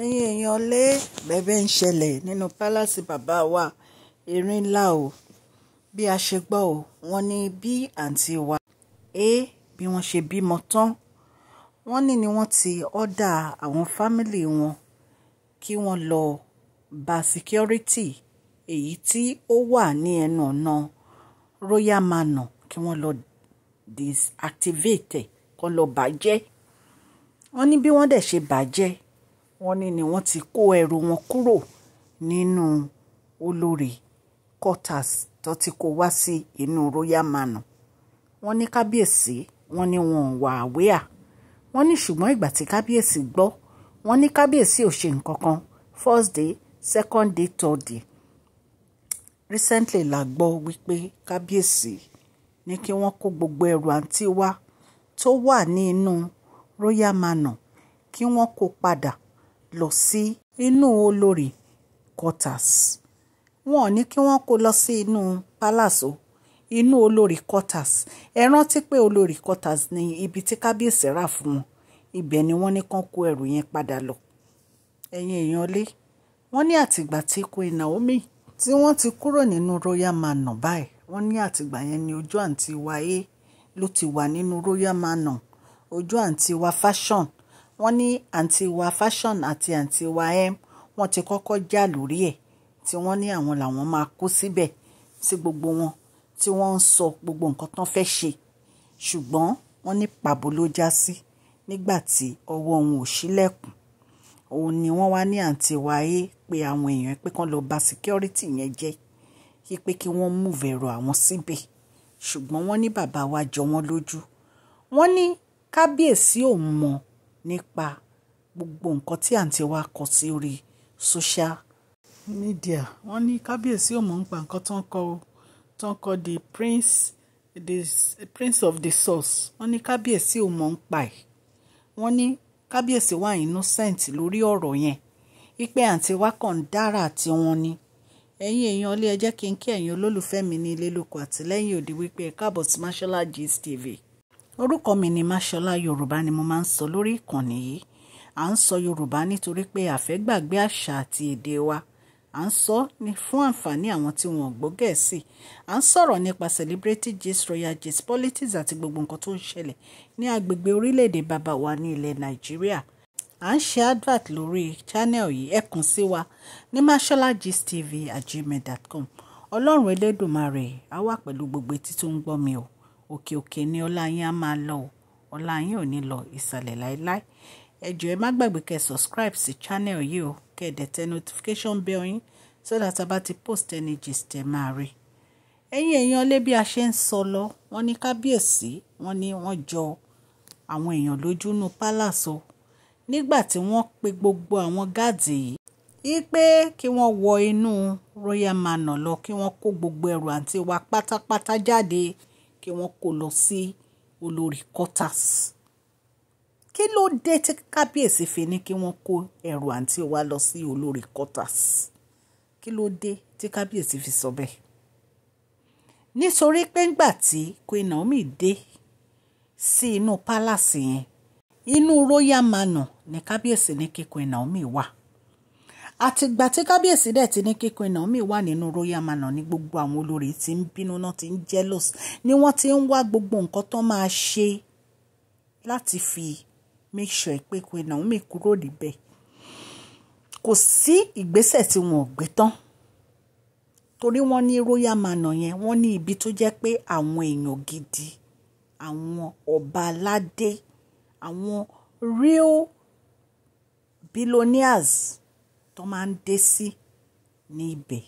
ẹ̀yin èèyàn lé bẹ́bẹ́ ń ṣẹlẹ̀ nínú pálásì bàbá wa erin ńlá o bí a ṣe gbọ́ o wọ́n ní bí àǹtí wa é bí wọ́n ṣe bímọ tán wọ́n ní ni wọ́n ti ọ́dà àwọn fámìlì wọn kí wọ́n lọ bá security èyí tí ó wà ní ẹnu ọ̀nà royal manor kí wọ́n lọ disactivate kọ́ lọ bàjẹ́ wọ́n ní bí wọ́n dẹ̀ ṣe bàjẹ́ wọ́n ní ni wọ́n ti kó ẹrù wọn kúrò nínú olórí quarters tó ti kó wá sí inú royal manor wọ́n ní kábíyèsí wọ́n ní wọn wà àwíà wọ́n ní ṣùgbọ́n ìgbà tí kábíyèsí gbọ́ wọ́n ní kábíyèsí ò ṣe nǹkan kan first day second day third day recently la gbọ́ wípé kábíyèsí ní kí wọ́n kó gbogbo ẹrù àǹtí wa tó wà ní inú royal manor kí wọ́n kó padà lọ sí inú olorì quarters wọn ò ní kí wọ́n kó lọ sí inú palace o inú olorì quarters ẹ rántí pé olorì quarters ni ibi tí kábíyèsí rà fún wọn ibẹ̀ ni wọ́n ní kán kó ẹrù yẹn padà lọ ẹ̀yin èèyàn lé wọ́n ní àtìgbà tí Queen Naomi tí wọ́n ti kúrò nínú royal manor báyìí wọ́n ní àtìgbà yẹn ni ojú àǹtí wa e ló ti wà nínú royal manor ojú àǹtí wa fashion wọ́n ní àǹtí fashion àti àǹtí wa m wọ́n ti kọ́kọ́ jà lórí ẹ̀ tí wọ́n ní àwọn làwọn máa kó síbẹ̀ tí gbogbo wọn tí wọ́n ń sọ gbogbo nǹkan tán fẹ́ ṣe ṣùgbọ́n wọ́n ní pàbó ló já sí nígbà tí ọwọ́ òun ò ṣílẹ̀kùn òun ni wọ́n wá ní àǹtí wáyé pé àwọn èèyàn pé kán lọ bà security yẹn jẹ́ kí pé kí wọ́n múùvù ẹ̀rọ àwọn síbẹ̀ ṣùgbọ́n wọ́n ní bàbá wa jọ wọ́n lójú wọ́n ní kábíyèsí òun mọ̀ nípa gbogbo nǹkan tí àǹtí wa kọ sí orí social media wọ́n ní kábíyèsí ò mọ̀ ń pa nǹkan tó ń kọ tó ń kọ the prince the prince of the source wọ́n ní kábíyèsí ò mọ̀ ń pa ẹ̀ wọ́n ní kábíyèsí wà innocent lórí ọ̀rọ̀ yẹn wípé àǹtí wa kàn ń dára àti wọn ni ẹ̀yin èèyàn ọlé ẹ jẹ́ kí n kí ẹ̀yin olólùfẹ́ mi ní ilé lóko àtìlẹ́yìn òde wípé ẹ káàbọ̀ sí Mashola Gist orúkọ mi ni máṣọlá yorùbá ni mo máa ń sọ lórí ìkànnì yìí à ń sọ yorùbá nítorí pé àfẹ́gbàgbé àṣà àti èdè wa à ń sọ ní fún àǹfààní àwọn tí wọn gbọ́ gẹ̀ẹ́sì à ń sọ̀rọ̀ nípa celebrity gist royal gist politics àti gbogbo nǹkan tó ń ṣẹlẹ̀ ní agbègbè orílẹ̀-èdè bàbá wa ní ilẹ̀ nàìjíríà à ń ṣe advert lórí channel yìí ẹ sí wa ní mashola gist tv at gmail dot com ọlọ́run elédùnmarè á wà pẹ̀lú gbogbo etí tó ń gbọ́ mi o òkè òkè ni ọlá yín á máa lọ o ọlá yín ò ní lọ ìsàlẹ̀ láéláé ẹ ẹ má gbàgbé kẹ́ subscribe sí channel yìí o kẹ́ tẹ notification bell yín so that a bá ti post any gist ẹ máa rí ẹ̀yin èèyàn lé bí a ṣe ń sọ lọ wọ́n ní kábíyèsí wọ́n ní wọ́n jọ àwọn èèyàn lójú nú palace o nígbà tí wọ́n pe gbogbo àwọn gáàdì yìí í pé kí wọ́n wọ inú royal manor lọ kí wọ́n kó gbogbo ẹrù àǹtí wa pátápátá jáde kí wọ́n kó lọ sí olórí quarters kí ló dé tí kábíyèsí fi ní kí wọ́n kó ẹrù àǹtí wa lọ sí olórí quarters kí ló dé tí kábíyèsí fi sọ bẹ́ẹ̀ nítorí pé ńgbà tí queen naomi dé sí inú pálásì yẹn inú royal manor ní kábíyèsí ní kí queen naomi wà àtìgbà tí kábíyèsí dẹ̀ ti ní kíkún mi wà nínú royal manor ní gbogbo àwọn olórí tí ń bínú náà ti ń jealous ni wọ́n ti ń wá gbogbo nǹkan tó máa ṣe láti fi make sure pé Queen Naomi kúrò níbẹ̀ kò sí ìgbésẹ̀ tí wọn ò gbé tán torí wọ́n ní royal manor yẹn wọ́n ní ibi tó jẹ́ pé àwọn èèyàn gidi àwọn ọba aládé àwọn real billionaires tó máa ń dé sí ní ibẹ̀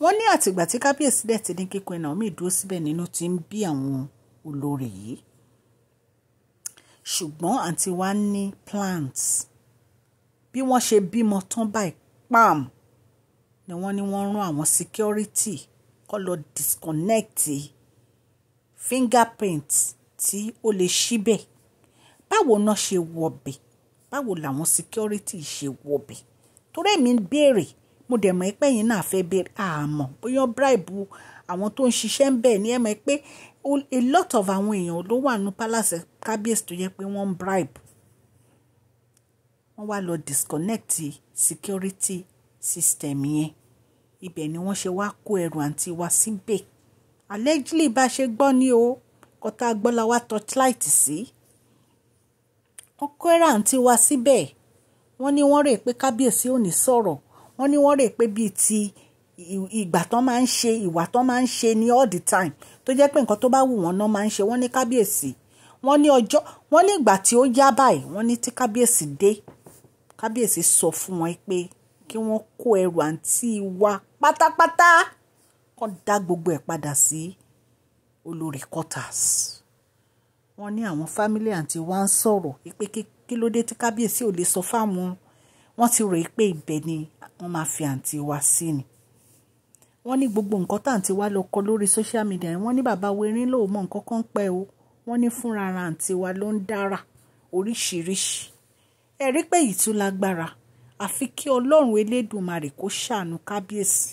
wọ́n ní àtìgbà tí kábíyèsí dẹ̀ ti ní kíkún ẹ̀ Naomi dúró síbẹ̀ nínú ti ń bí àwọn olórí yìí ṣùgbọ́n àǹtí wa ní plants bí wọ́n ṣe bímọ tán báyìí pam ni wọ́n ní wọ́n rán àwọn security kọ́ lọ disconnect fingerprint tí ó lè ṣíbẹ̀ báwo náà ṣe wọ̀bẹ̀ báwo làwọn security ṣe wọbẹ̀ torí èmi ń béèrè mo dẹ̀ mọ̀ pé yín náà fẹ́ béèrè àmọ́ bóyá bribe àwọn tó ń ṣiṣẹ́ ń bẹ̀ ni ẹ mọ̀ pé a lot of àwọn èèyàn ló wà ní palace kábíyèsí tó yẹ pé wọ́n ń bribe wọ́n wá lọ disconnect security system yẹn ibẹ̀ ni wọ́n ṣe wá kó ẹrù àǹtí wa síbẹ̀ allegedly bá ṣe gbọ́ ni o kọ́tà gbọ́lá wa torchlight sí. Si wọ́n kó ẹ̀ráǹtì wá síbẹ̀ wọ́n ní wọ́n rè pé kábíyèsí ò ní sọ̀rọ̀ wọ́n ní wọ́n rè pé bíi ti ìgbà tán máa ń ṣe ìwà tán máa ń ṣe ní all the time tó jẹ́ pé nǹkan tó bá wù wọ́n náà máa ń ṣe wọ́n ní kábíyèsí wọ́n ní ọjọ́ wọ́n ní ìgbà tí ó yá báyìí wọ́n ní tí kábíyèsí dé kábíyèsí sọ fún wọn pé kí wọ́n kó ẹrù àǹtí wa pátápátá kó dá gbogbo ẹ̀ padà sí olórí quarters wọ́n ní àwọn fámílì àǹtí wa ń sọ̀rọ̀ pé kí ló dé tí kábíyèsí ò lè sọ fáwọn wọ́n ti rò pé ibẹ̀ ni wọ́n máa fi àǹtí wa sí ni wọ́n ní gbogbo nǹkan táǹtí wa lọ kọ lórí social media wọ́n ní bàbá werin ló mọ nǹkan kan pẹ́ o wọ́n ní fúnra ara àǹtí wa ló ń dára oríṣiríṣi ẹ rí pé èyí tún lágbára àfi kí ọlọ́run elédùnmarè kó ṣàánú kábíyèsí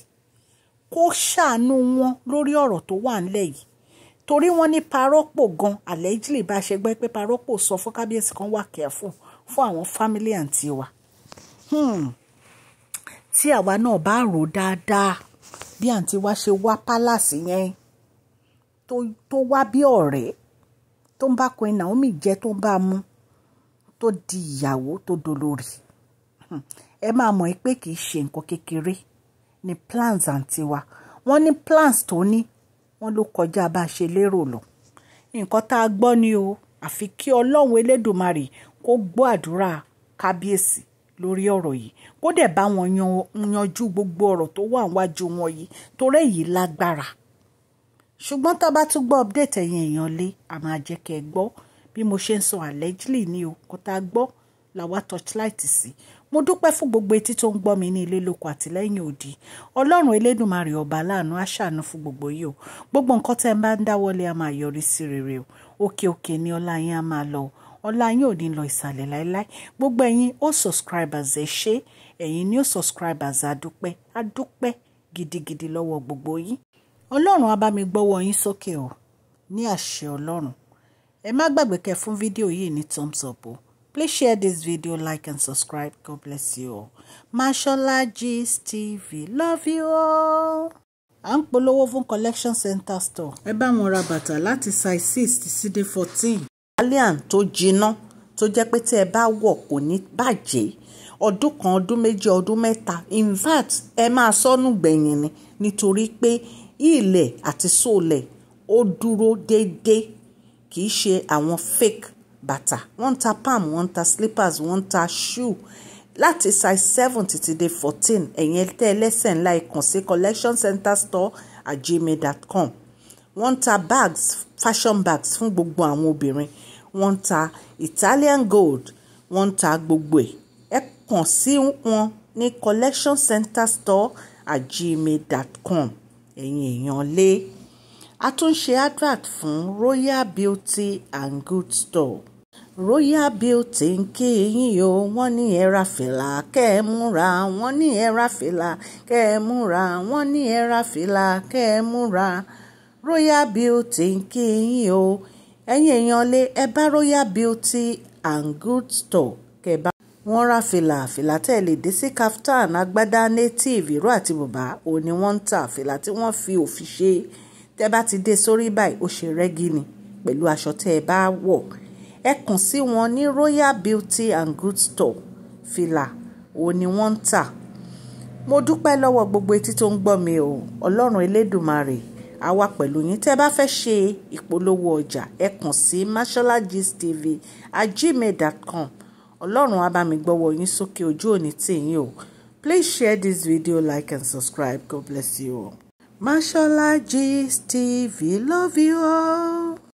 kó ṣàánú wọn lórí ọ̀rọ̀ tó wà ńlẹ̀ yìí torí wọ́n ní parọ́pò gan allegedly bá ṣe gbọ́ pé parọ́pò sọ fún kábíyèsí kan wà careful fún àwọn family àǹtí wa hmm. tí àwa náà bá rò dáadáa bí àǹtí wa ṣe wá pálàsì yẹn tó wá bí ọ̀rẹ́ tó ń bá Queen Naomi jẹ tó ń bá mu tó di ìyàwó tó dolórí hmm. ẹ máa mọ̀ pé kì í ṣe nǹkan kékeré ni plans àǹtí wa wọ́n ní plans tó ní wọ́n ló kọjá bá a ṣe lérò lọ nǹkan tá a gbọ́ ni o àfi kí ọlọ́run elédùnmarè kó gbọ́ àdúrà kábíyèsí lórí ọ̀rọ̀ yìí kó dẹ̀ bá wọn yanjú gbogbo ọ̀rọ̀ tó wà wájú wọn yìí torí èyí lágbára ṣùgbọ́n tá a bá tún gbọ́ update ẹ̀yin èèyàn lé a máa jẹ́ kẹ́ ẹ gbọ́ bí mo ṣe ń sọ allegedly ni o kó tá a gbọ́ làwa torchlight sí mo dúpẹ́ fún gbogbo etí tó ń gbọ́ mi ní ilé lóko àtìlẹ́yìn òdì ọlọ́run elédùnmarè ọba láàánú àṣàánú fún gbogbo yìí o gbogbo nǹkan tẹ́ ẹ bá ń dáwọ́lé a máa yọrí sí rere o òkè òkè ni ọlá yín a máa lọ ọlá yín ò ní lọ ìsàlẹ̀ láéláé gbogbo ẹ̀yin ó subscribers ẹ ṣé ẹ̀yin ni ó subscribers adúpẹ́ adúpẹ́ gidigidi lọ́wọ́ gbogbo yín ọlọ́run á bá mi gbọ́wọ́ yín sókè o ní àṣẹ ọlọ́run ẹ má gbàgbé kẹ́ fún fídíò yìí ní thumbs up o Please share this video, like and subscribe. God bless you all. Mashola Gist TV. Love you all. à ń polówó collection center store. Eba mora bata lati size six sí dé fourteen. italian tó jiná tó jẹ́ pé tí ẹ bá wọ̀ kò ní bàjẹ́ ọdún kan ọdún méjì ọdún mẹ́ta in fact ema máa sọnù gbẹ̀yìn ni nítorí pé ilẹ̀ àti sóòlẹ̀ ó dúró déédéé kì í ṣe fake bàtà wọ́n ń ta palm wọ́n ta slippers wọ́n ń ta shoe láti size seven títí dé fourteen ẹ̀yìn tẹ́ ẹlẹ́sẹ̀ ńlá ikàn sí collection center store at gmail.com wọ́n ń ta bags fashion bags fún gbogbo àwọn obìnrin wọ́n ń ta Italian gold wọ́n ń ta gbogbo ẹ̀ ẹ kàn sí wọn ní collection center store at gmail.com ẹ̀yin èèyàn lé a tún ṣe advert fún Royal Beauty and Good Store royal beauty ń kí yín o wọ́n ní ẹ ra fìlà kẹ́ ẹ múra wọ́n ní ẹ fìlà kẹ́ ẹ múra wọ́n ní ẹ fìlà kẹ́ ẹ múra royal beauty ń kí yín o ẹ̀yin èèyàn lé ẹ bá royal beauty and good store kẹba wọ́n ra fìlà fìlà tẹ́ ẹ lè dé sí kaftan agbádá native ìró àti bùbá òun ni wọ́n ń tà fìlà tí wọ́n fi òfin ṣe tẹ́ bá ti dé sórí báyìí ó ṣe rẹ́gí ni pẹ̀lú aṣọ tẹ́ ẹ bá wọ̀ ẹ kàn sí wọn ní royal beauty and good store fìlà òun ni wọ́n ń tà mo dúpẹ́ lọ́wọ́ gbogbo etí tó ń gbọ́ mi o ọlọ́run elédùmarè a wà pẹ̀lú yín tẹ́ bá fẹ́ ṣe ìpolówó ọjà ẹ kàn sí masholagistv at gmail.com ọlọ́run á bá mi gbọ́wọ́ yín sókè ojú òní tìyín o please share this video like and subscribe god bless you all. Mashola Gist TV love you all.